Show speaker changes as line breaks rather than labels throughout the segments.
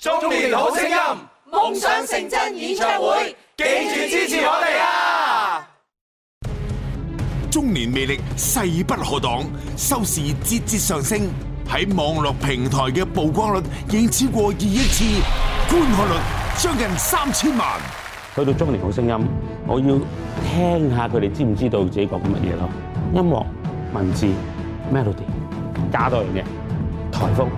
中年好聲音夢想成真演唱會，記住支持我哋啊！
中年魅力勢不可擋，收視節節上升，喺網絡平台嘅曝光率已經超過二億次，觀看率將近三千萬。
去到中年好聲音，我要聽下佢哋知唔知道自己講緊乜嘢咯？音樂文字 melody 加
多嘢台風。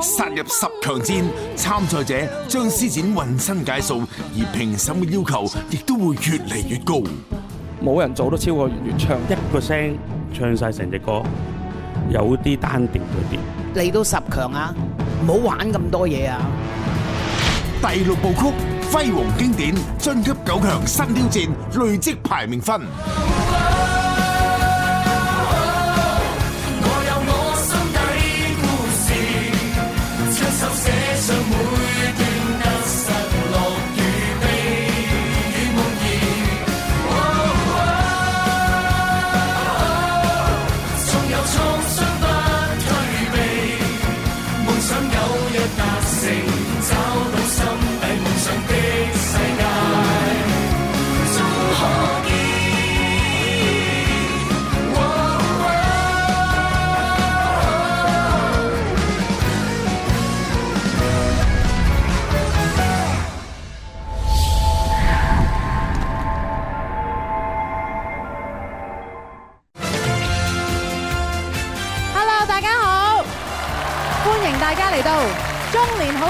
殺入十強戰，參賽者將施展渾身解數，而評審嘅要求亦都會越嚟越高。
冇人做得超過原唱，一個聲唱晒成隻歌，有啲單調嗰啲。
嚟到十強啊，唔好玩咁多嘢啊！
第
六部曲，煇黃經典晉級九強，新挑戰
累積排名分。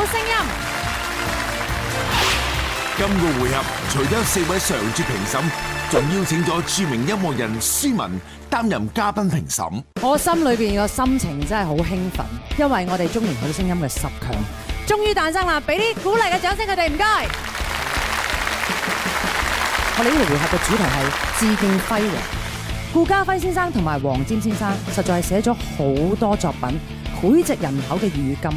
好聲音，
今個回合除咗四位常駐評審，仲邀請咗著名音樂人舒文擔任嘉賓評審。我
心裏邊個心情真係好興奮，因為我哋中年好聲音嘅十強終於誕生啦！俾啲鼓勵嘅掌聲佢哋，唔該。我哋呢個回合嘅主題係致敬煇黃顧嘉煇先生同埋黃霑先生，實在係寫咗好多作品。膾炙人口嘅粵語金曲，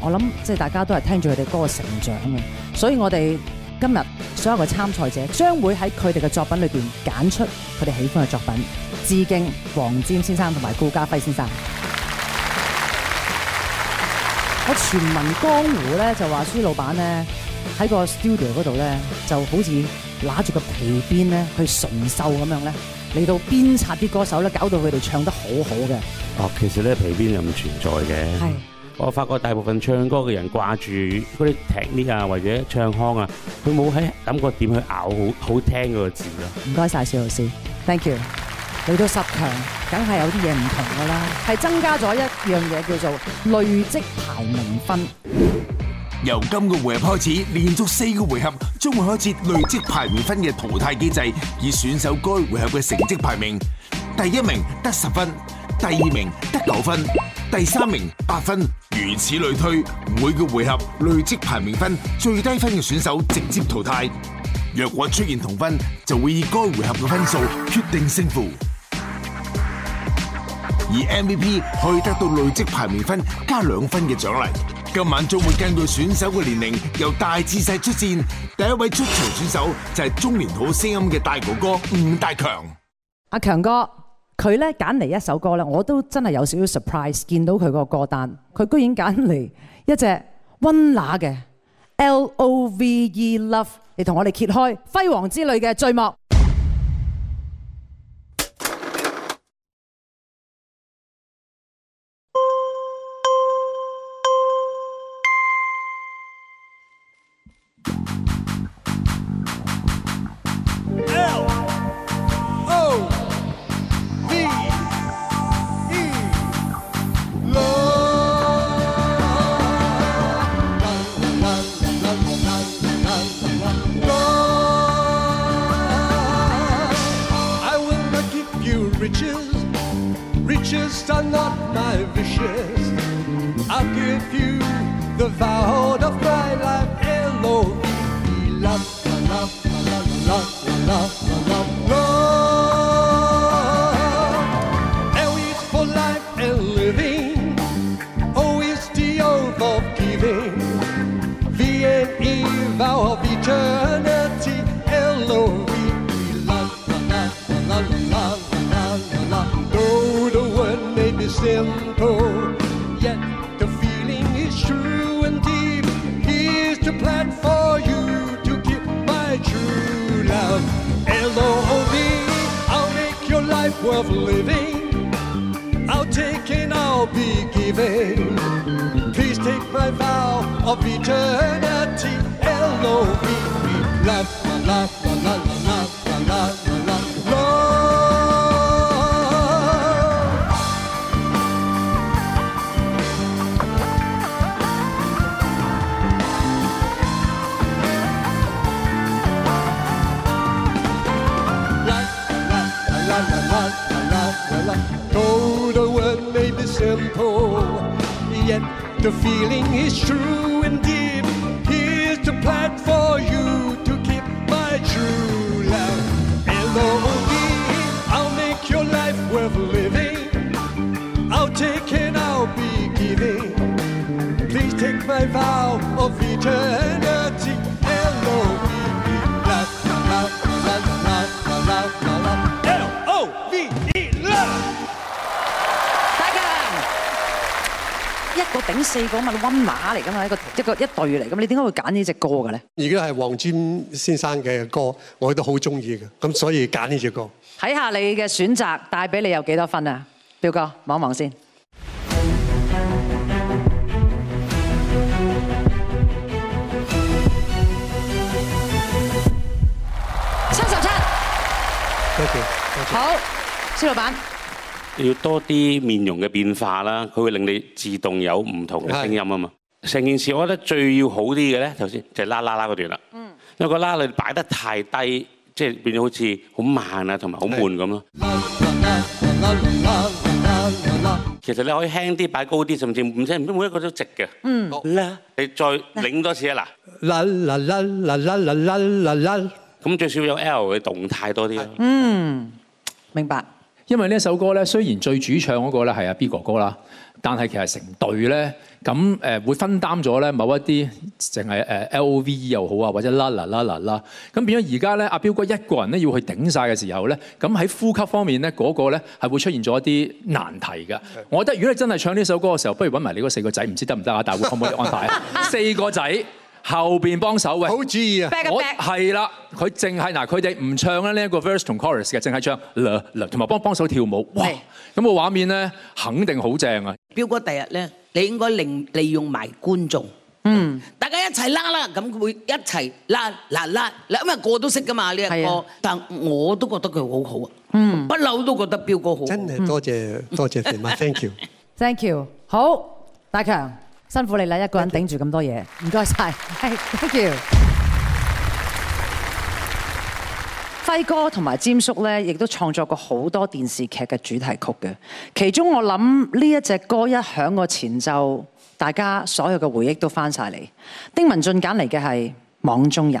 我諗即係大家都係聽住佢哋歌成長嘅，所以我哋今日所有嘅參賽者將會喺佢哋嘅作品裏邊揀出佢哋喜歡嘅作品，致敬黃霑先生同埋顧嘉煇先生。 我傳聞江湖咧就話，舒老闆咧喺個 studio 嗰度咧就好似揦住個皮鞭，咧去馴獸咁樣咧嚟到鞭策啲歌手咧，搞到佢哋唱得好好嘅。
哦，其實咧皮鞭又唔存在嘅。係，我發覺大部分唱歌嘅人掛住嗰啲踢啲啊，或者唱腔啊，佢冇喺諗過點去咬好好聽嗰個
字咯。唔該晒，小老師，thank you。嚟到十強，梗係有啲嘢唔同㗎啦，係增加咗一樣嘢叫做累積排名分。
由今個回合開始，連續四個回合將會開始累積排名分嘅淘汰機制，以選手該回合嘅成績排名，第一名得十分。第二名得九分，第三名八分，如此類推。每個回合累積排名分，最低分嘅選手直接淘汰。若果出現同分，就會以該回合嘅分數決定勝負。而 MVP 可以得到累積排名分加兩分嘅獎勵。今晚將會根據選手嘅年齡由大至細出戰。第一位出場選手就係中年好聲音嘅大哥哥吳大強。
阿強哥。佢咧揀嚟一首歌咧，我都真係有少少 surprise，見到佢個歌單，佢居然揀嚟一隻溫拿嘅 L O V E love 嚟同我哋揭開煇黃之旅嘅序幕。個頂四個嘛，溫拿嚟噶嘛，一個一個一對
嚟噶嘛，你點解會揀呢隻歌嘅咧？而家係黃霑先生嘅歌，我都好中意嘅，咁所以揀呢隻歌。
睇下你嘅選擇帶俾你有幾多分啊，表哥望一望先。
三十七，
多謝。好，舒老闆。
要多啲面容嘅變化啦，佢會令你自動有唔同嘅聲音啊嘛。成件事我覺得最要好啲嘅咧，頭先就係啦啦啦嗰段啦。嗯，因為個啦你擺得太低，即係變咗好似好慢啊，同埋好悶咁咯。啦
啦啦啦啦啦啦啦啦，
其實你可以輕啲擺高啲，甚至唔使唔好每一個都直嘅。
嗯，
你再擰多次啊嗱。
啦啦啦啦啦啦啦啦啦，
咁最少有 L 嘅動
態多啲啊。嗯，明白。因為呢首歌咧，雖然最主唱嗰個咧係阿 B 哥哥啦，但係其實成隊咧，咁誒會分擔咗咧某一啲淨係誒 L O V E 又好啊，或者啦啦啦啦啦，咁變咗而家咧阿標哥一個人咧要去頂晒嘅時候咧，咁喺呼吸方面咧嗰、嗰個咧係會出現咗一啲難題㗎。我覺得如果你真係唱呢首歌嘅時候，不如揾埋你嗰四個仔，唔知得唔得啊？大會可唔可以安排啊？ 四個仔。後邊幫手喂，好注意啊！我係啦，佢淨係嗱，佢哋唔唱啦呢一個 verse 同 chorus 嘅，淨係唱啦啦，同埋幫幫手跳舞。哇！咁個畫面咧，肯定好正啊！
彪哥，第二日咧，你應該利利用埋觀眾，嗯，大家一齊啦啦，咁佢會一齊拉嗱拉嗱，因為個都識噶嘛呢一個，但我都覺得佢好好啊，嗯，不嬲都覺得彪哥好。真係多謝多謝肥媽，thank
you，thank you，好大強。辛苦你啦，一個人頂住咁多嘢，唔該曬。係，thank you。輝哥同埋霑叔咧，亦都創作過好多電視劇嘅主題曲。其中我諗呢一隻歌一響個前奏，大家所有嘅回憶都返晒嚟。丁文俊揀嚟嘅係《網中人》。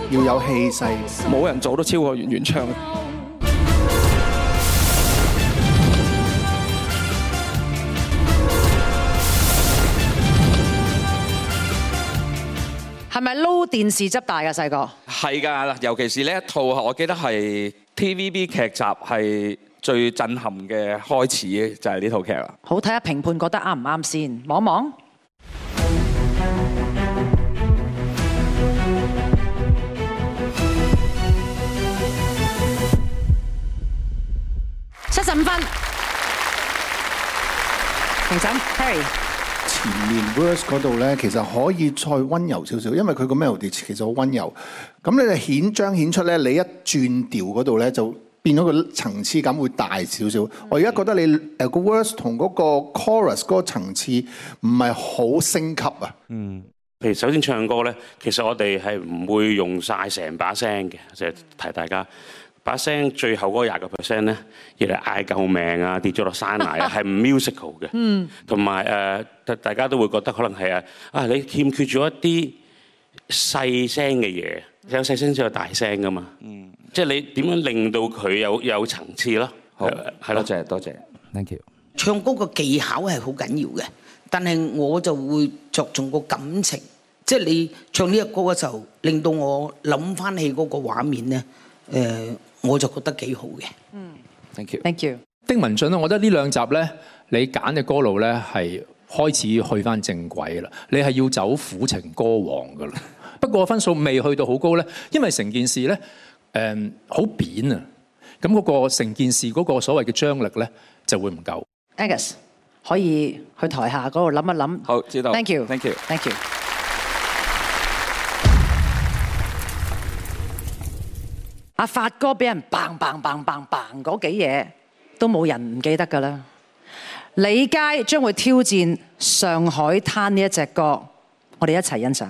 要有氣勢，冇人做都超過原原唱。
係咪撈電視執大嘅細個？
係㗎，尤其是呢一套，我記得係 TVB 劇集係最震撼嘅開始，就係呢套劇啦。
好睇下評判覺得啱唔啱先，望望。七十五分，
同審 Harry，前面 verse 嗰度咧，其實可以再溫柔少少，因為佢個 melody 其實好溫柔。咁咧顯彰顯出咧，你一轉調嗰度咧，就變咗個層次感會大少少。嗯。我而家覺得你誒個 verse 同嗰個 chorus 嗰個層次唔係好升級啊。
嗯，譬如首先唱歌咧，其實我哋係唔會用晒成把聲嘅，就係提大家。把聲最後嗰廿個 percent 咧，要嚟嗌救命啊，跌咗落山崖啊，係 musical 嘅。嗯。同埋誒，大家都會覺得可能係啊，啊你欠缺咗一啲細聲嘅嘢，有細聲先有大聲噶嘛。嗯。即係你點樣令到佢有有層次咯？嗯、好，係咯，謝多
謝，多謝，thank you。唱歌個技巧係好緊要嘅，但係我就會着重個感情。即係你唱呢一首歌嘅時候，令到我諗翻起嗰個畫面咧，誒、呃。我就覺得幾好嘅。嗯，thank you，thank you。You.
丁文俊咧，我覺得呢兩集呢，你揀嘅歌路呢，係開始去返正軌啦。你係要走苦情歌王噶啦。不過分數未去到好高呢，因為成件事呢，誒、嗯，好扁啊。咁嗰個成件事嗰個所謂嘅張力呢，就會唔夠。
Angus 可以去台下嗰度諗一諗。好，知道。Thank you，thank you，thank you。Thank you. Thank you. 阿發哥俾人棒棒棒棒棒嗰幾嘢，都冇人唔記得噶啦。李佳將會挑戰上海灘呢一隻歌，我哋一齊欣賞。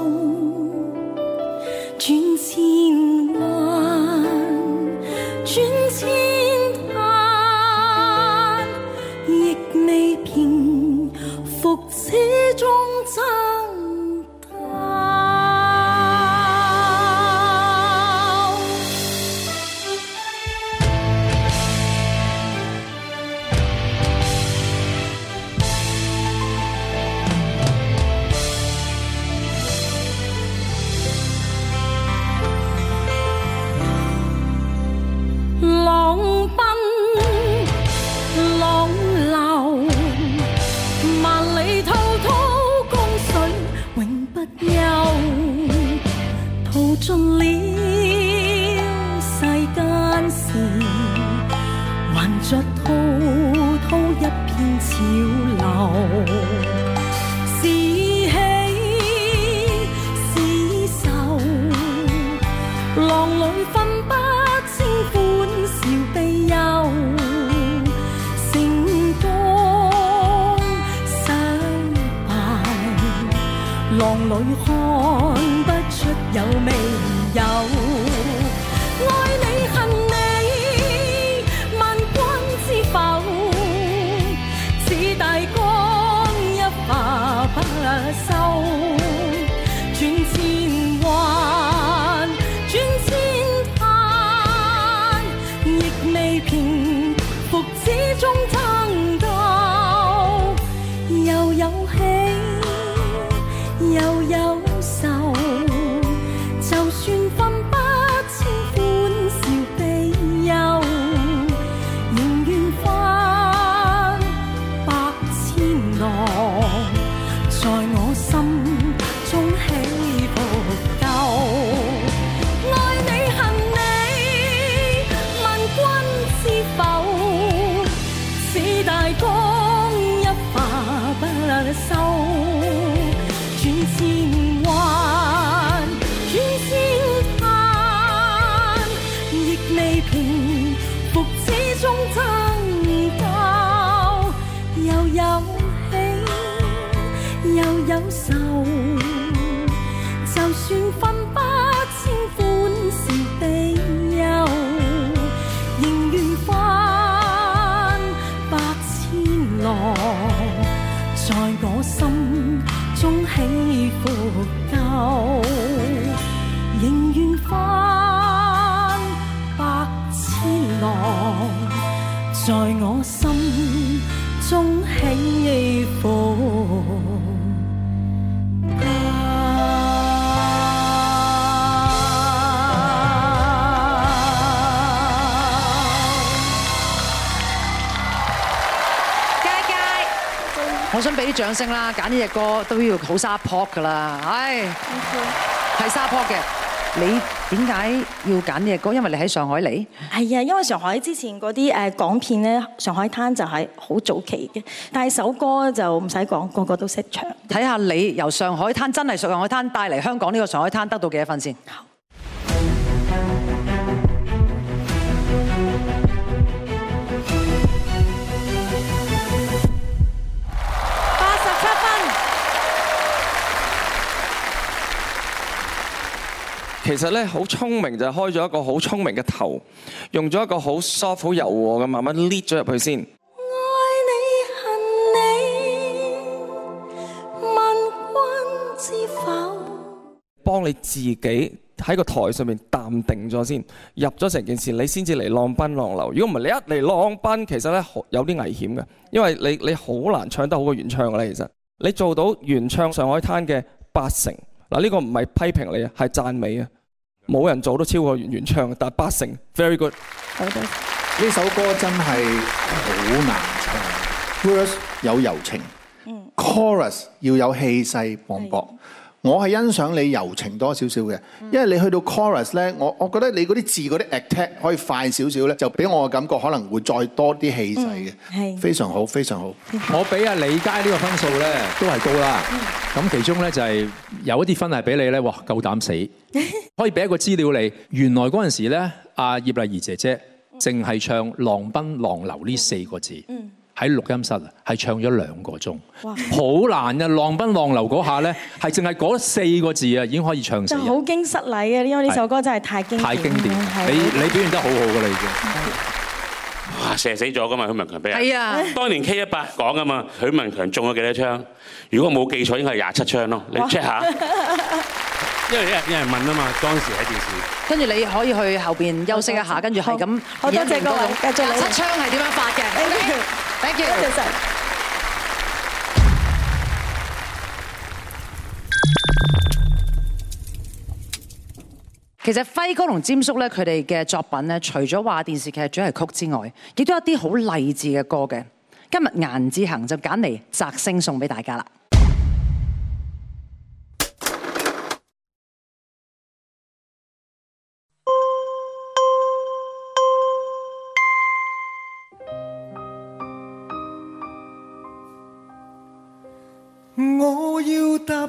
掌聲啦！揀呢隻歌都要好沙 pop 噶啦，係，係沙 pop 嘅。你點解要揀呢隻歌？因為你喺上海嚟。係啊，因為上海之前嗰啲誒港片咧，《上海灘》就係好早期嘅。但係首歌就唔使講，個個都識唱。睇下你由《上海灘》真係《上海灘》帶嚟香港呢個《上海灘》得到幾多分先。
其實咧好聰明就係開咗一個好聰明嘅頭，用咗一個好 soft 好柔和咁，慢慢 lead 咗入去先。
愛你恨你，問君知否？
幫你自己喺個台上面淡定咗先，入咗成件事，你先至嚟浪奔浪流。如果唔係你一嚟浪奔，其實咧有啲危險嘅，因為你你好難唱得好過原唱咧。其實你做到原唱《上海灘》嘅八成嗱，呢個唔係批評你啊，係讚美啊！冇人做都超過原原唱，但八成 very good。呢首
歌真係好難唱，verse 有柔情、嗯、chorus 要有氣勢磅礴。嗯我係欣賞你柔情多少少嘅，因為你去到 chorus 咧，我我覺得你嗰啲字嗰啲 attack 可以快少少咧，就俾我嘅感覺可
能會再多啲氣勢
嘅、嗯，非
常好，非常好。 我俾阿李佳呢個分數咧都係高啦，咁其中咧就係、是、有一啲分係俾你咧，哇夠膽死，可以俾一個資料你，原來嗰陣時咧阿葉麗儀姐姐淨係唱浪奔浪流呢四個字。嗯喺錄音室啊，係唱咗兩個鐘，好難啊！浪奔浪流嗰下咧，係淨係嗰四個字啊，已經可以唱死。
就好驚失禮啊，因為呢首歌真係太經太經典，太經典。
你你表現得好好㗎，已
哇射死咗㗎嘛，許文強俾人。係啊，當年 K 一八講啊嘛，許文強中咗幾多槍？如果我冇記錯，應該係廿七槍咯。你 check 下。 因為有人一問啊嘛，當時喺電視。
跟住你可以去後邊休息一下，跟住係咁。好多謝各位。「七槍」係點樣發嘅？Thank you。其實輝哥同霑叔咧，佢哋嘅作品咧，除咗話電視劇主題曲之外，亦都有一啲好勵志嘅歌嘅。今日顏志恒就揀嚟摘星送俾大家啦。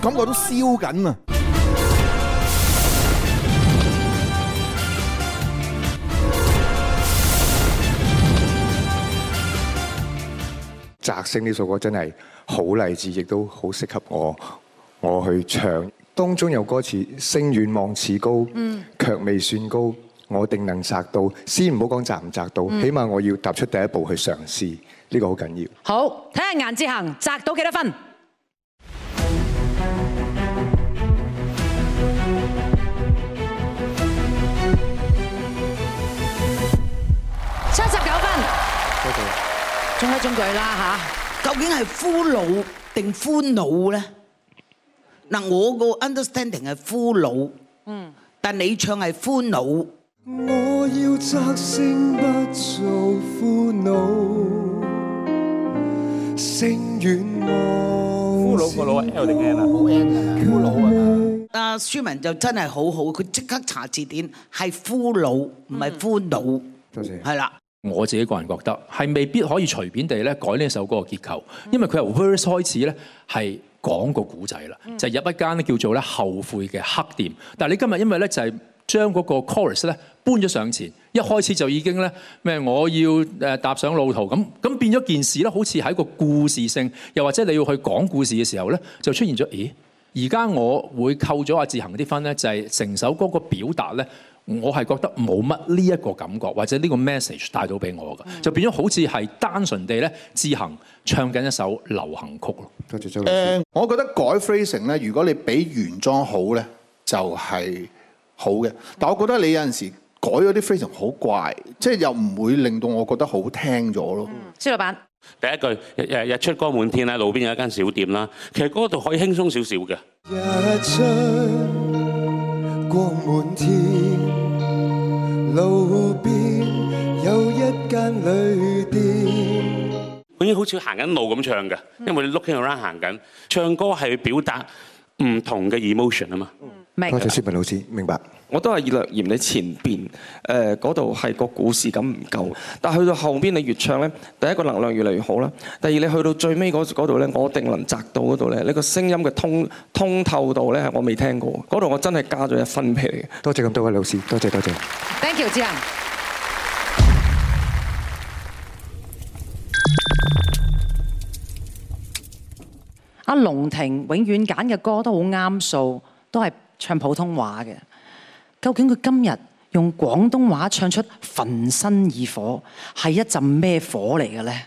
感覺都燒緊啊！摘星呢首歌
真係好勵志，亦都好適合我我去唱。當中有歌
詞：星遠望似高，嗯，卻未算高，我定能摘到。先唔好講摘唔摘到，起碼我要踏出第一步去嘗試，呢個好緊要。
好，睇下顏志恒摘到幾多分？
中規中矩啦嚇，究竟係俘虜定歡腦咧？嗱，我個 understanding 係俘虜，嗯，但你唱係歡腦。我要摘
星不做俘虜，星遠路。俘虜
個羅 L 定 A 啦，好 A 噶啦，俘虜啊！阿舒文就真係好好，佢即刻查字典，係俘虜唔係歡腦，
多謝，係啦。我自己個人覺得係未必可以隨便地咧改呢一首歌嘅結構，因為佢由 verse 開始咧係講個古仔啦，就係、入一間咧叫做咧後悔嘅黑店。但係你今日因為咧就係將嗰個 chorus 咧搬咗上前，一開始就已經咧咩我要誒踏上路途咁咁變咗件事咧，好似係一個故事性，又或者你要去講故事嘅時候咧，就出現咗。咦？而家我會扣咗阿志恒啲分咧，就係、係、成首歌個表達咧。我係覺得冇乜呢一個感覺，或者呢個 message 帶到俾我嘅、嗯，就變咗好似係單純地咧，志恆唱緊一首流行曲咯。多謝張老師、
嗯、我覺得改 phrasing 咧，如果你比原裝好咧，就係、是、好嘅。但我覺得你有陣時改嗰啲 phrasing 好怪，即係又唔會令到我覺得好聽咗咯。
張老闆，
第一句日日出光滿天啦，路邊有一間小店啦。其實嗰度可以輕鬆少少
嘅。
光滿天，路邊有一間旅店。
本、嗯、身好似行緊路咁唱㗎，因為你 looking around 行緊，唱歌係表達唔同嘅 emotion 啊嘛。嗯
多謝舒
文老師，明白。我都係以略嫌你前邊，誒嗰度係個故事性唔夠，但係去到後邊你越唱咧，第一個能量越嚟越好啦。第二，你去到最尾嗰度咧，我一定能摘到嗰度咧。你個聲音嘅通通透度咧，我未聽過。嗰度我真係加咗一分皮嚟嘅。多謝咁多位老師，多謝多謝。
Thank you，志恒。阿龍婷永遠揀嘅歌都好啱數，都係。唱普通話嘅，究竟佢今日用廣東話唱出《焚身以火》，係一陣咩火嚟嘅咧？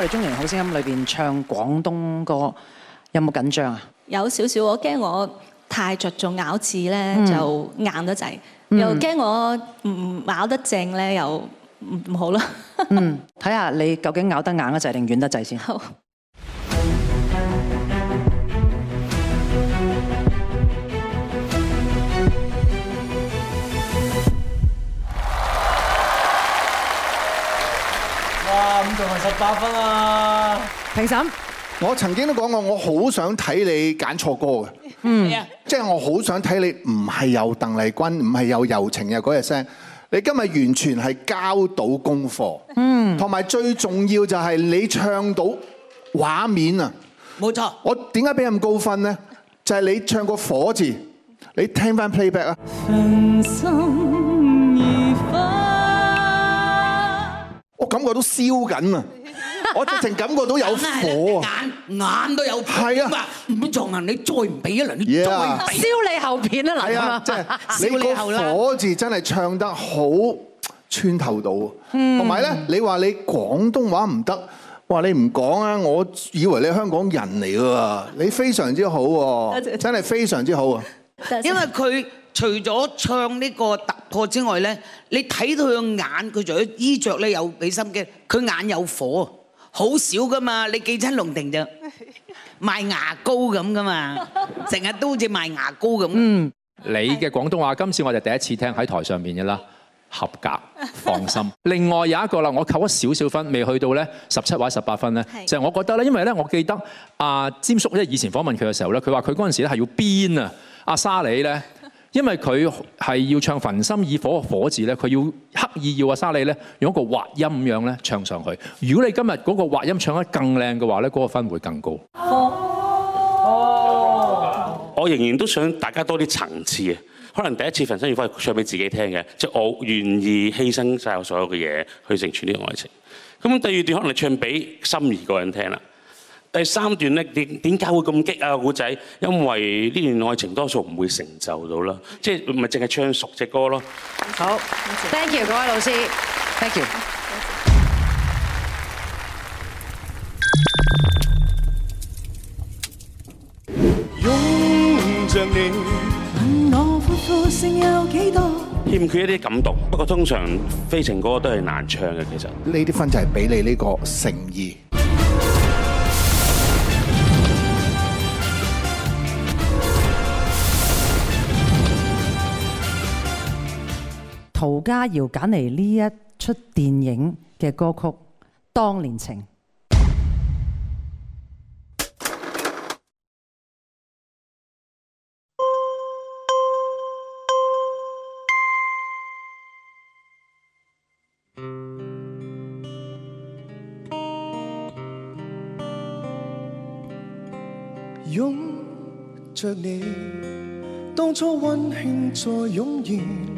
我哋中型好聲音裏邊唱廣東歌，有冇緊張啊？
有少少，我驚我太着重咬字咧，嗯、就硬得滯；嗯、又驚我唔咬得正咧，又唔好啦。
嗯，睇下你究竟咬得硬得滯定軟得滯先。好。
咁就係十八分
喇！評審，我曾經都講過，我好想睇你揀錯歌嘅，嗯，即係我好想睇你唔係有鄧麗君，唔係有柔情，嘅嗰日聲，你今日完全係交到功課，嗯，同埋最重要就係你唱到畫面啊，冇錯，我點解俾咁高分呢？就係你唱個火字，你聽翻 playback 啊。 我感覺都燒緊啊！我直情感覺到有火啊！ 眼眼都有火。係啊。唔好撞硬，你再唔俾一輪，嘢，再、yeah. 燒你後片啊！嚟啊，即係你個火字真係唱得好穿透到啊！同埋咧，你話你廣東話唔得，話你唔講啊！我以為你係香港人嚟㗎喎，你非常之好喎，真係非常之好啊！
因為佢。除咗唱呢個突破之外咧，你睇到佢個眼，佢除咗衣著咧又俾心機，佢眼有火，好少噶嘛。你記親龍婷啫，賣牙膏咁噶嘛，成日都好似賣牙膏咁。嗯，
你嘅廣東話今次我就第一次聽喺台上面嘅啦，合格放心。另外有一個啦，我扣咗少少分，未去到咧十七或者十八分咧，就係我覺得咧，因為咧，我記得阿詹叔咧，以前訪問佢嘅時候咧，佢話佢嗰陣時咧係要編啊，阿沙理咧。因為佢係要唱《焚心以火》個火字咧，佢要刻意要阿沙莉咧用一個滑音咁樣咧唱上去。如果你今日嗰個滑音唱得更靚嘅話咧，嗰個分會更高。哦哦，我仍然都想大家多啲層次啊。可能第一次《
焚心以火》唱俾自己聽嘅，即係我願意犧牲晒我所有嘅嘢去成全呢個愛情。咁第二段可能你唱俾心儀個人聽啦。第三段咧點點解會咁激啊？古仔，因為呢段愛情多數唔會成就到啦，即係咪淨係唱熟隻歌咯。
好，thank you 各位老師，thank
you。擁著你，
問我歡呼聲有
幾多。
欠缺一啲感動，不過通常非情歌都係難唱嘅其實。
呢啲分就係俾你呢個誠意。
涂家堯揀嚟呢一出電影嘅歌曲《當年情》。
擁着你，當初溫馨再湧現。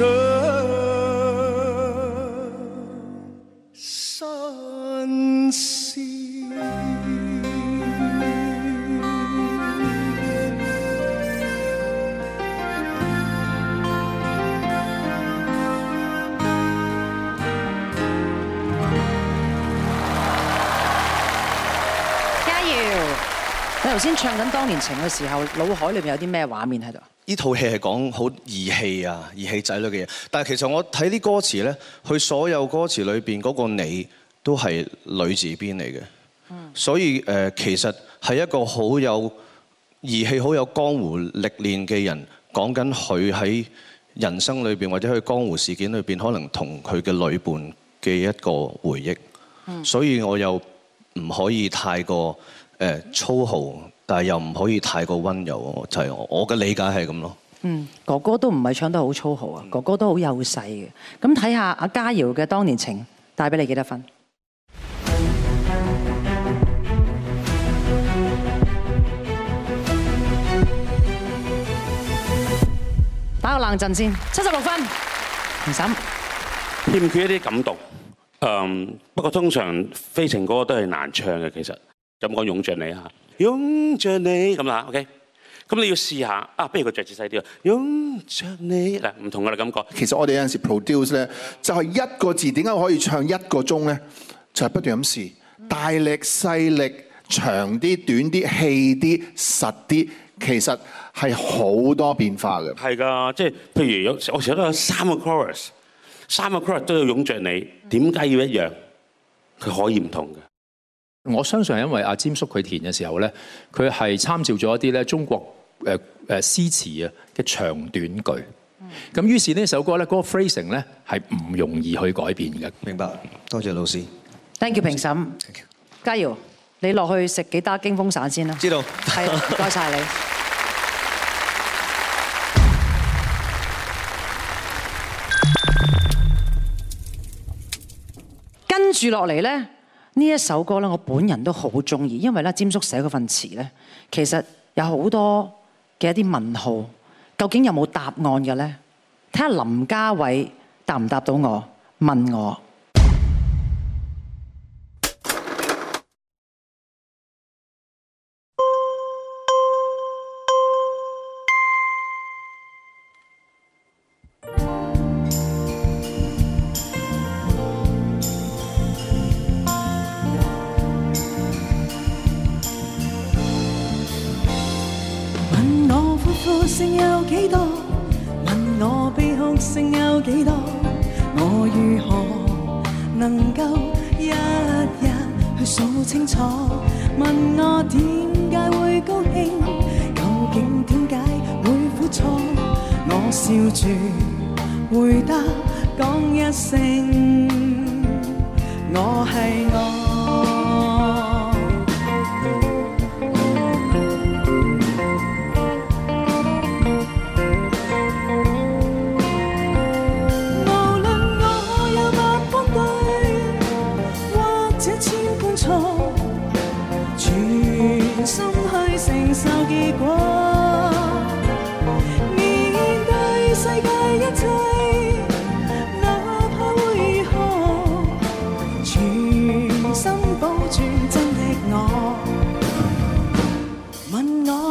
加油！你頭先唱緊《當年情》嘅時候，腦海裏面有啲咩畫面喺度？
呢套戲係講好義氣啊、義氣仔女嘅嘢，但係其實我睇啲歌詞呢，佢所有歌詞裏邊嗰個你都係女字邊嚟嘅，所以誒其實係一個好有義氣、好有江湖歷練嘅人，講緊佢喺人生裏邊或者佢江湖事件裏邊，可能同佢嘅女伴嘅一個回憶，所以我又唔可以太過誒粗豪。但係又唔可以太過溫柔喎，就係、是、我我嘅理解係咁咯。嗯，
哥哥都唔係唱得好粗豪啊，嗯、哥哥都好幼細嘅。咁睇下阿嘉瑤嘅《當年情》，帶俾你幾多分？打個冷震先，七十六分，唔審。
欠缺一啲感動。嗯，不過通常飛情歌都係難唱嘅，其實。有冇講湧著你啊！擁着你咁啦，OK，咁你要試下啊，不如個着字細啲。擁着你嗱，唔同噶啦，感覺。
其實我哋有陣時 produce 咧，就係一個字，點解可以唱一個鐘咧？就係不斷咁試，大力、細力、長啲、短啲、氣啲、實啲，其實係好多變化嘅。
係噶，即係譬如有我成日都有三個 chorus，
三個 chorus 都要擁着你，點解要一樣？佢可以唔同嘅。我相信係因為阿霑叔佢填嘅時候咧，佢係參照咗一啲咧中國誒誒詩詞啊嘅長短句。咁、嗯、於是呢首歌咧，嗰個 phrasing 咧係唔容易去改變嘅。明白，多謝，謝老師。
Thank you 評審。佳瑤！你落去食幾打驚風散先啦。知道。
係，多
謝，謝你。跟住落嚟咧。呢一首歌咧，我本人都好鍾意，因為咧，詹叔寫嗰份詞咧，其實有好多嘅一啲問號，究竟有冇答案嘅咧？睇下林鉫徫答唔答到我？問我。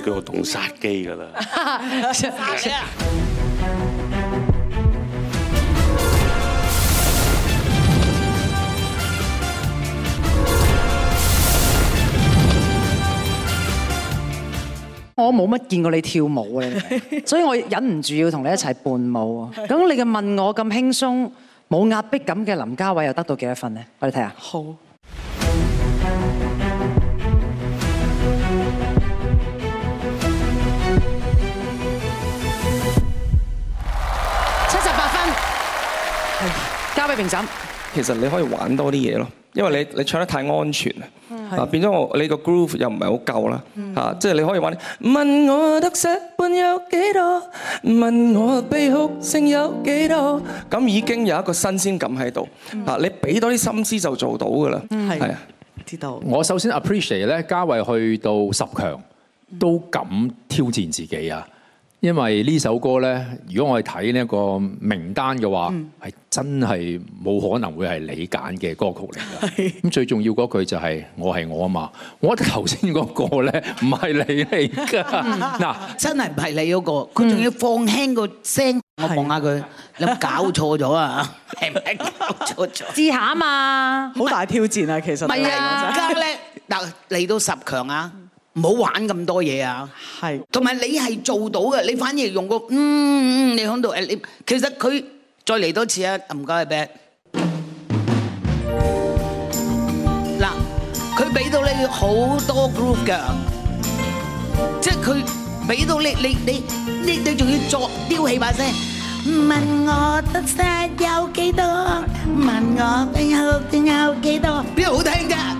佢我動殺機噶啦，
我冇乜見過你跳舞咧，所以我忍唔住要同你一齊伴舞。咁你嘅問我咁輕鬆，冇壓迫感嘅林鉫徫又得到幾多分呢？我哋睇下。好。
各位評審，其實你可以玩多啲嘢咯，因為你你唱得太安全啊，變咗我你個 groove 又唔係好夠啦，嚇，即係你可以玩。問我得失半有幾多？問我悲哭聲有幾多？咁已經有一個新鮮感喺度，嚇，你俾多啲心思就做
到噶啦。嗯，係啊，知道。我首先 appreciate 咧，鉫徫去到十強都敢挑戰自己啊！因為呢首歌呢，如果我係睇呢個名單嘅話，係、嗯、真係冇可能會係你揀嘅歌曲嚟。最重要嗰句就係我係我嘛。我頭先嗰個咧唔係你嚟㗎。嗱 ，
真係唔係你嗰、那個，佢、嗯、仲要放輕個聲。我望下佢，你搞錯咗啊？係唔係搞錯咗？下嘛，好大挑戰啊，不是啊其實。係啊，嚟到十強啊 唔好玩咁多嘢啊！係，同埋你係做到嘅，你反而用個嗯，你響度誒，你其實佢再嚟多次啊！唔該，阿 Ben。嗱，佢俾到你好多 groove 嘅，即係佢俾到你你你你你仲要作吊起把聲，問我得失有幾多？問我邊後邊後幾多？邊度好聽㗎？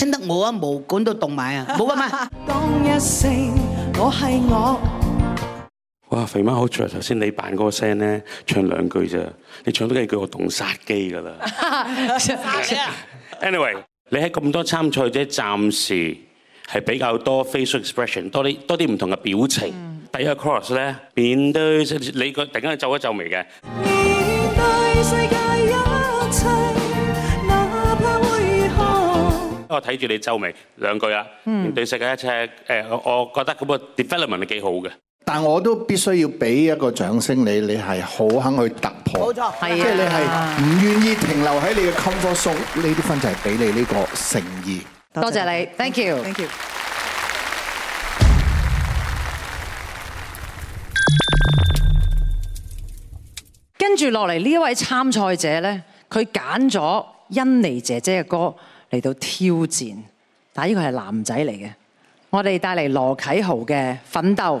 聽得我啊毛管都動埋啊！冇啊嘛！當一聲我係
我。哇，肥媽好著頭先你扮嗰個聲咧，唱兩句咋？你唱多幾句我動殺機㗎啦！Anyway，你喺咁多參賽者，暫時係比較多 facial expression，多啲多啲唔同嘅表情。第一個 chorus 咧，變對你個突然間皺一皺眉嘅。我睇住你周眉兩句啊，面對世界一切，誒，我覺得咁個 development 係幾好嘅，嗯。
但我都必須要俾一個掌聲你，你係好肯去突破，
即係、就是、你係
唔願意停留喺你嘅 comfort zone。呢啲分就係俾你呢個誠意。
多謝你，Thank you。Thank you。跟住落嚟呢一位參賽者咧，佢揀咗欣妮姐姐嘅歌。嚟到挑戰，但呢個係男仔嚟嘅，我哋帶嚟羅啟豪嘅奮鬥。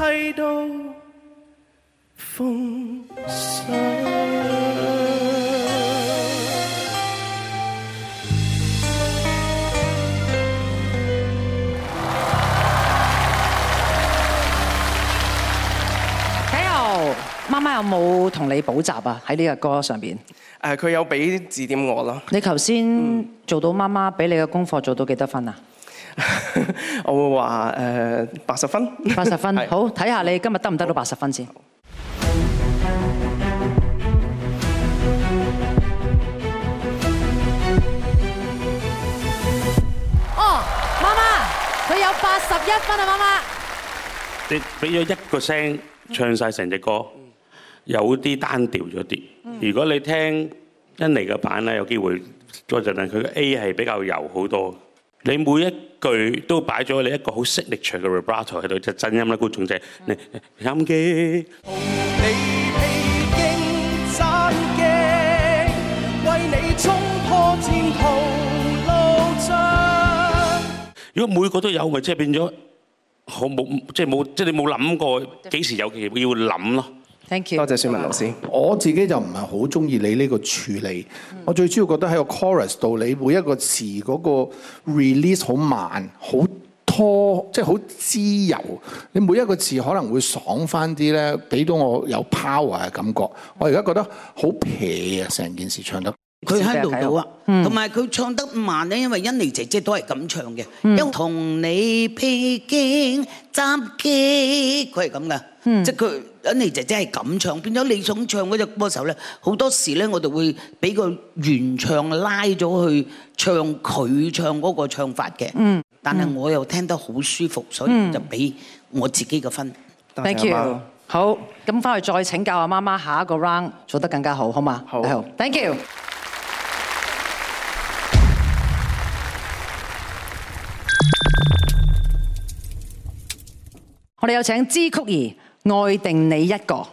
睇下，媽媽有冇同你補習啊？喺呢個歌上邊？
誒，佢有俾啲指點我咯。
你頭先做到媽媽俾你嘅功課做到幾多分啊？
我會話誒，呃，八十分，八十分，好
睇下你今日得唔得到八十分先。
哦，
媽媽，佢有八十一分啊！媽媽，
你俾咗一個聲唱晒成隻歌，有啲單調咗啲，嗯。如果你聽甄妮嘅版咧，有機會再就令佢嘅 A 係比較柔好多。你每一句都擺咗你一個好犀利嘅 rebuttal 喺度，即係真音啦，觀眾姐，你啱
機，為你衝破前途路
障。如果每個都有，咪即係變咗，我冇，即係冇，即係你冇諗過幾時有機會，要諗咯。
Thank you. 多謝舒文老師。我自己就唔係好中意你呢個處理、嗯。我最主要覺得喺個 chorus 度，你每一個詞嗰個 release 好慢，好拖，即係好滋油。你每一個字可能會爽翻啲咧，俾到我有 power 嘅感覺。我而家覺得好皮啊，成、嗯、件事唱得。佢喺度到啊，
同埋佢唱得慢咧，因為欣妮姐姐都係咁唱嘅。同、嗯、你披荊斬棘，佢係咁噶，即係佢。咁你姐姐係咁唱，變咗你想唱嗰隻歌手咧，好多時咧我哋會俾個原唱拉咗去唱佢唱嗰個唱法嘅。嗯，但係我又聽得好舒服，所以就俾我自己嘅分。Thank you。好，
咁翻去再請教下媽媽，下一個 round 做得更加好，好嘛？好。你好。Thank you。我哋有請支嚳儀。愛定你一個。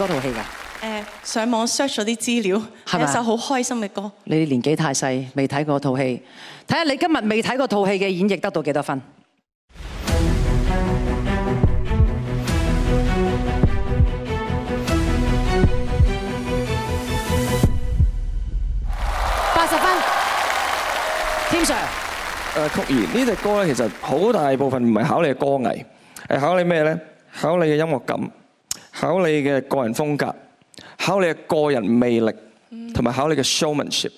嗰套戲嘅，誒
上網 search 咗啲資料，係一首好開心嘅歌。
你年紀太細，未睇過套戲。睇下你今日未睇過套戲嘅演繹得到幾多分，分？八十分，Tim Sir。
誒曲兒呢隻歌咧，其實好大部分唔係考你嘅歌藝，係考你咩咧？考你嘅音樂感。考你嘅個人風格，考你嘅個人魅力，同、嗯、埋考你嘅 showmanship，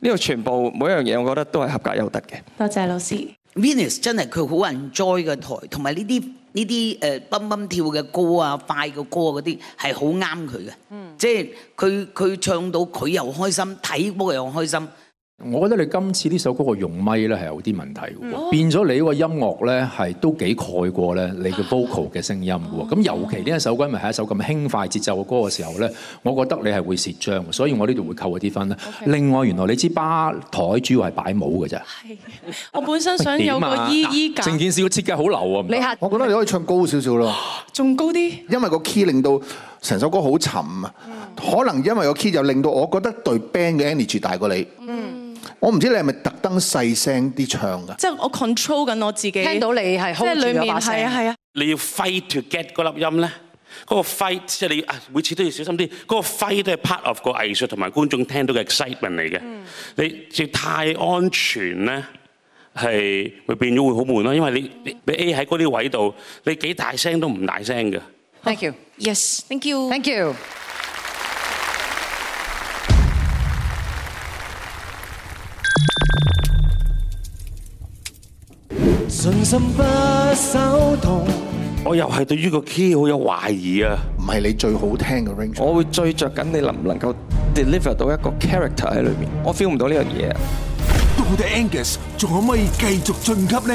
呢個全部每一樣嘢，我覺得都係合格有得嘅。
多謝老師，Venus 真係佢好 enjoy 嘅台，同埋呢啲呢啲誒蹦蹦跳嘅歌啊，快嘅歌嗰啲係好啱佢嘅，即
係佢佢唱到佢又開心，睇波又開心。我覺得你今次呢首歌個用咪咧係有啲問題，哦，變咗你呢個音樂咧係都幾蓋過咧你嘅 vocal 嘅聲音嘅。咁、啊、尤其呢一首的歌咪係一首咁輕快節奏嘅歌嘅時候咧，我覺得你係會蝕章，所以我呢度會扣一啲分啦。Okay. 另外，原來你知吧台主要係擺舞嘅啫。係，
我本身想有個衣衣感。成、
哎啊啊、件事個設計好流啊！你吓，
我覺得你可以唱高少少咯，仲高啲，因為個 key 令到。成首歌好沉啊、嗯，可能因為個 key 又令到我覺得對 band 嘅 energy 大過你。嗯、我唔知你係咪特登細聲啲唱㗎？即
係我 control 緊我自己。聽到你係控制嘅把聲。
你要 fight to get 嗰粒音咧，嗰個 fight 即係你啊，每次都要小心啲。嗰、嗰個 fight 都係 part of 個藝術同埋觀眾聽到嘅 excitement 嚟嘅、嗯。你即太安全咧，係會變咗會好悶咯，因為你你 A 喺嗰啲位度，你幾大聲都唔大聲㗎。Thank
you。
Yes, thank you. Thank you。我又係對於個 key 好有懷疑啊！唔係你最好聽嘅 range，我會最
著緊你能唔能夠 deliver 到一個 character 喺裏面，我 feel 唔到呢樣嘢。
到底 Angus 仲可唔可以繼續進級呢？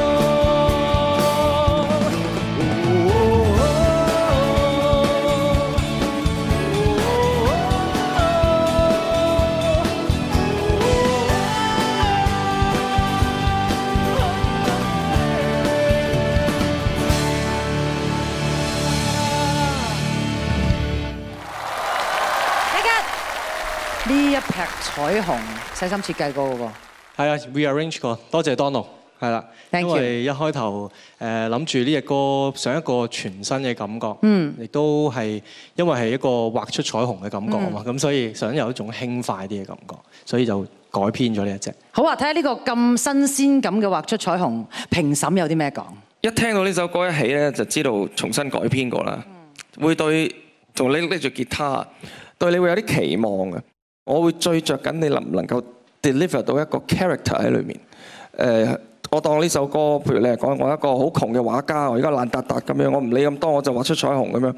彩虹細心設計過
喎，係啊，rearrange 過，多謝 Donald，係啦，因哋一開頭誒諗住呢隻歌想一個全新嘅感覺，嗯，亦都係因為係一個畫出彩虹嘅感覺啊嘛，咁所以想有一種輕快啲嘅感覺，所以就改編咗呢一隻。
好啊，睇下呢個咁新鮮咁嘅畫出彩虹評審有啲咩講？
一聽到呢首歌一起咧，就知道重新改編過啦，會對仲拎拎住吉他，對你會有啲期望嘅。我會追着緊你能唔能夠 deliver 到一個 character 喺裏面？誒，uh，我當呢首歌，譬如你係講我一個好窮嘅畫家，我而家爛達達咁樣，我唔理咁多，我就畫出彩虹咁樣。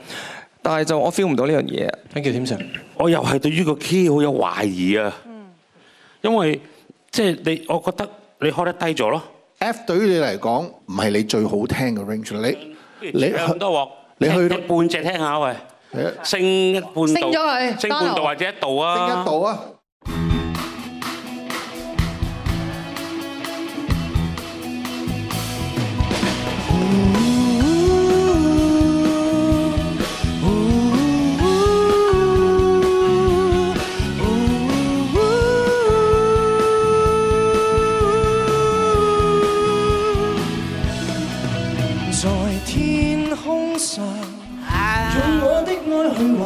但係就我 feel 唔到呢樣嘢。Benjamin，我又係對於個 key 好有懷疑啊。Mm. 因為即係、就是、你，我覺得你開得低咗咯。
F 對於你嚟講唔係你最好聽嘅 range 你。你你多鑊，你去到半隻聽下喂。升一半度升，升半度或者一度啊，升一度啊。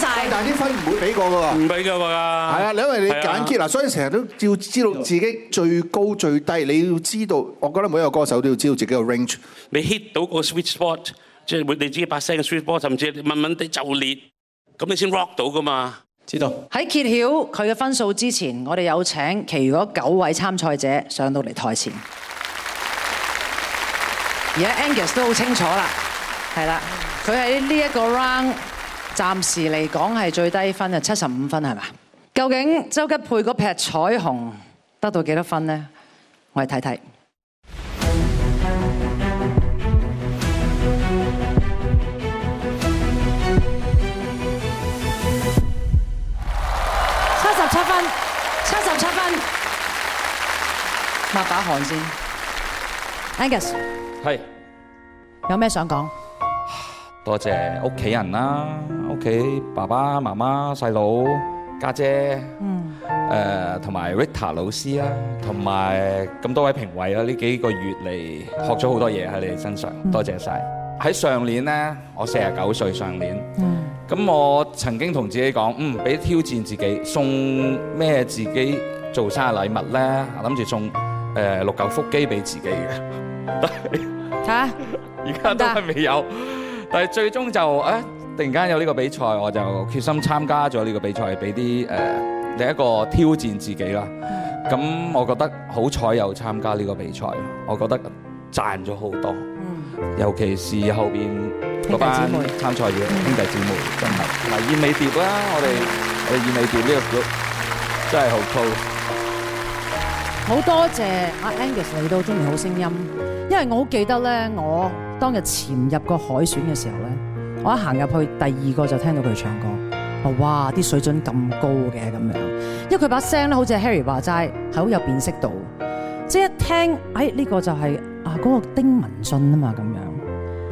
但係啲分唔會俾過噶喎，唔俾過㗎。係啊，你因為你揀 key 嗱，所以成日都要知道自己最高、最低。你要知道，我覺得每一個歌手都要知道自己個 range。
你 hit 到個 sweet spot，即係你自己把聲嘅 sweet spot，甚至你慢慢地就列。咁你先 rock 到噶嘛。
知
道。喺揭曉佢嘅分數之前，我哋有請其餘嗰九位參賽者上到嚟台前。 而家 Angus 都好清楚啦，係啦，佢喺呢一個 round，暫時嚟講係最低分啊，七十五分係嘛？究竟周吉佩嗰片彩虹得到幾多分呢？我哋睇睇。七十七分，七十七分。抹把汗先。Angus，係。有咩想講？
多謝屋企人啦，屋企爸爸媽媽細佬家姐，誒同埋 Rita 老師啊，同埋咁多位評委啦，呢幾個月嚟學咗好多嘢喺你哋身上，多謝晒。喺上年咧，我四十九歲上年，咁我曾經同自己講，嗯，俾挑戰自己，送咩自己做生日禮物咧？諗住送誒六嚿腹肌俾自己嘅，睇吓，而家都係未有。但係最終就誒、啊，突然間有呢個比賽，我就決心參加咗呢個比賽，俾啲誒另一個挑戰自己啦。咁、嗯、我覺得好彩有參加呢個比賽，我覺得賺咗好多。尤其是後邊嗰班參賽者兄弟姊妹，弟姐妹真係，嗱、嗯啊、燕尾蝶啦，我哋、嗯、我哋燕尾蝶呢個組真係好高。好多
謝阿 Angus 嚟到《中年好聲音》，因為我好記得咧，我當日潛入個海選嘅時候咧，我一行入去第二個就聽到佢唱歌，我、哦、哇啲水準咁高嘅咁樣，因為佢把聲咧好似 Harry 話齋係好有辨識度，即係一聽誒呢、哎這個就係啊嗰、那個丁文俊啊嘛咁樣，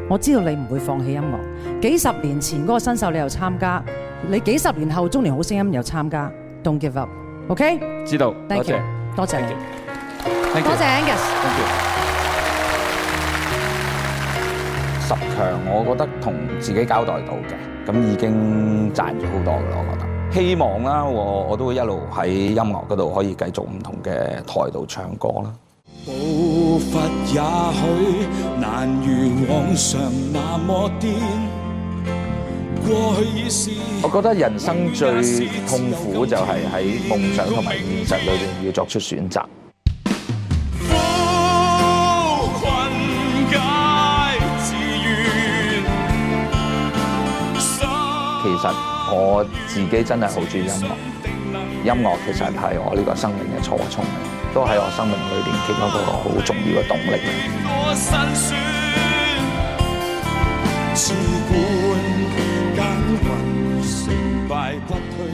我知道你唔會放棄音樂，幾十年前嗰個新秀你又參加，你幾十年後中年好聲音又參加，Don't give up，OK？、Okay？
知道，多謝，謝。多謝 Angus，多謝 Angus。十強，我覺得同自己交代到嘅，咁已經賺咗好多喇，我覺得。希望啦、啊，我我都會一路喺音樂嗰度可以繼續唔同嘅台度唱歌啦。步伐也許難如往常那麼癲。我覺得人生最痛苦就係喺夢想同埋現實裏邊要作出選擇。其實我自己真係好鍾意音樂，音樂其實係我呢個生命嘅初衷，都喺我生命裏邊其中一個好重要嘅動力。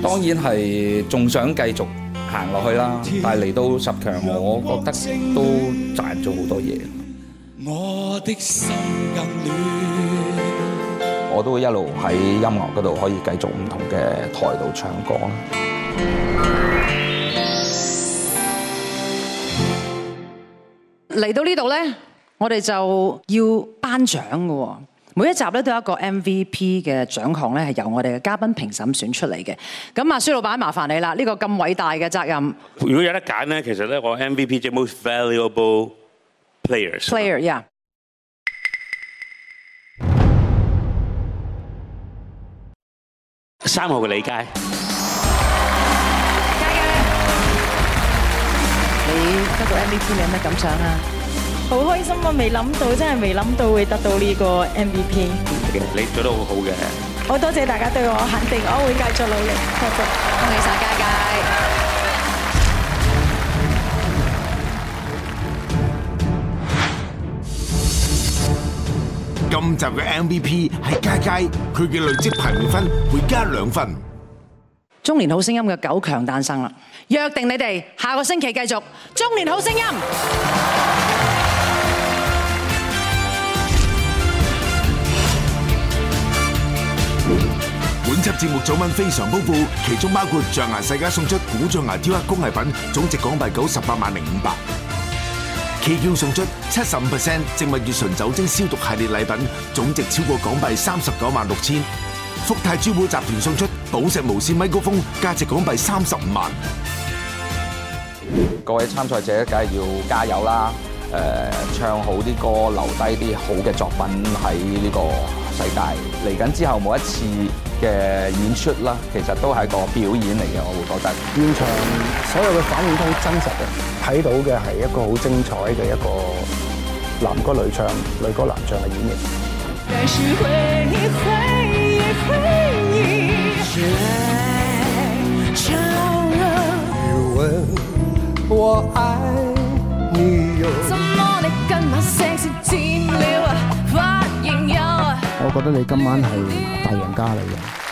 當然係仲想繼續行落去啦，但係嚟到十強，我覺得都賺咗好多嘢。我的心更暖，我都會一路喺音樂嗰度可以繼續唔同嘅台度唱歌啦。
嚟到呢度呢，我哋就要頒獎噶。每一集咧，都有一個 MVP 嘅獎項咧，係由我哋嘅嘉賓評審選出嚟嘅。咁啊舒老闆麻煩你啦，呢個咁偉大嘅責任，
如果有得揀咧，其實咧我的 MVP 即係 Most Valuable Players，Player yeah，三號嘅李佳，李佳的
你得到
MVP 你有咩感想啊？好開心啊，未諗到，真係未諗到會得到呢個
MVP。
你做得好好嘅，
好多謝大家對我肯定，我會繼續努力。繼續，恭喜晒佳佳。
今集嘅 MVP 係佳佳，佢嘅累積排名分會加兩分。
中年好聲音嘅九強誕生啦！約定你哋下個星期繼續中年好聲音。
節目組問非常豐富，其中包括象牙世家送出古象牙雕刻工藝品，總值港幣九十八萬零五百；K K 送出七十五 percent 植物乙醇酒精消毒系列禮品，總值超過港幣三十九萬六千；福泰珠寶集團送出寶石無線咪高峰，價值港幣三十五萬。
各位參賽者，梗係要加油啦！誒，唱好啲歌，留低啲好嘅作品喺呢個世界嚟緊之後，每一次嘅演出啦，其實都係個
表演嚟嘅，我會覺得現場所有嘅反應都好真實嘅，睇到嘅係一個好精彩嘅一個男歌女唱、女歌男唱嘅演
繹。
覺得你今晚係大贏家嚟嘅。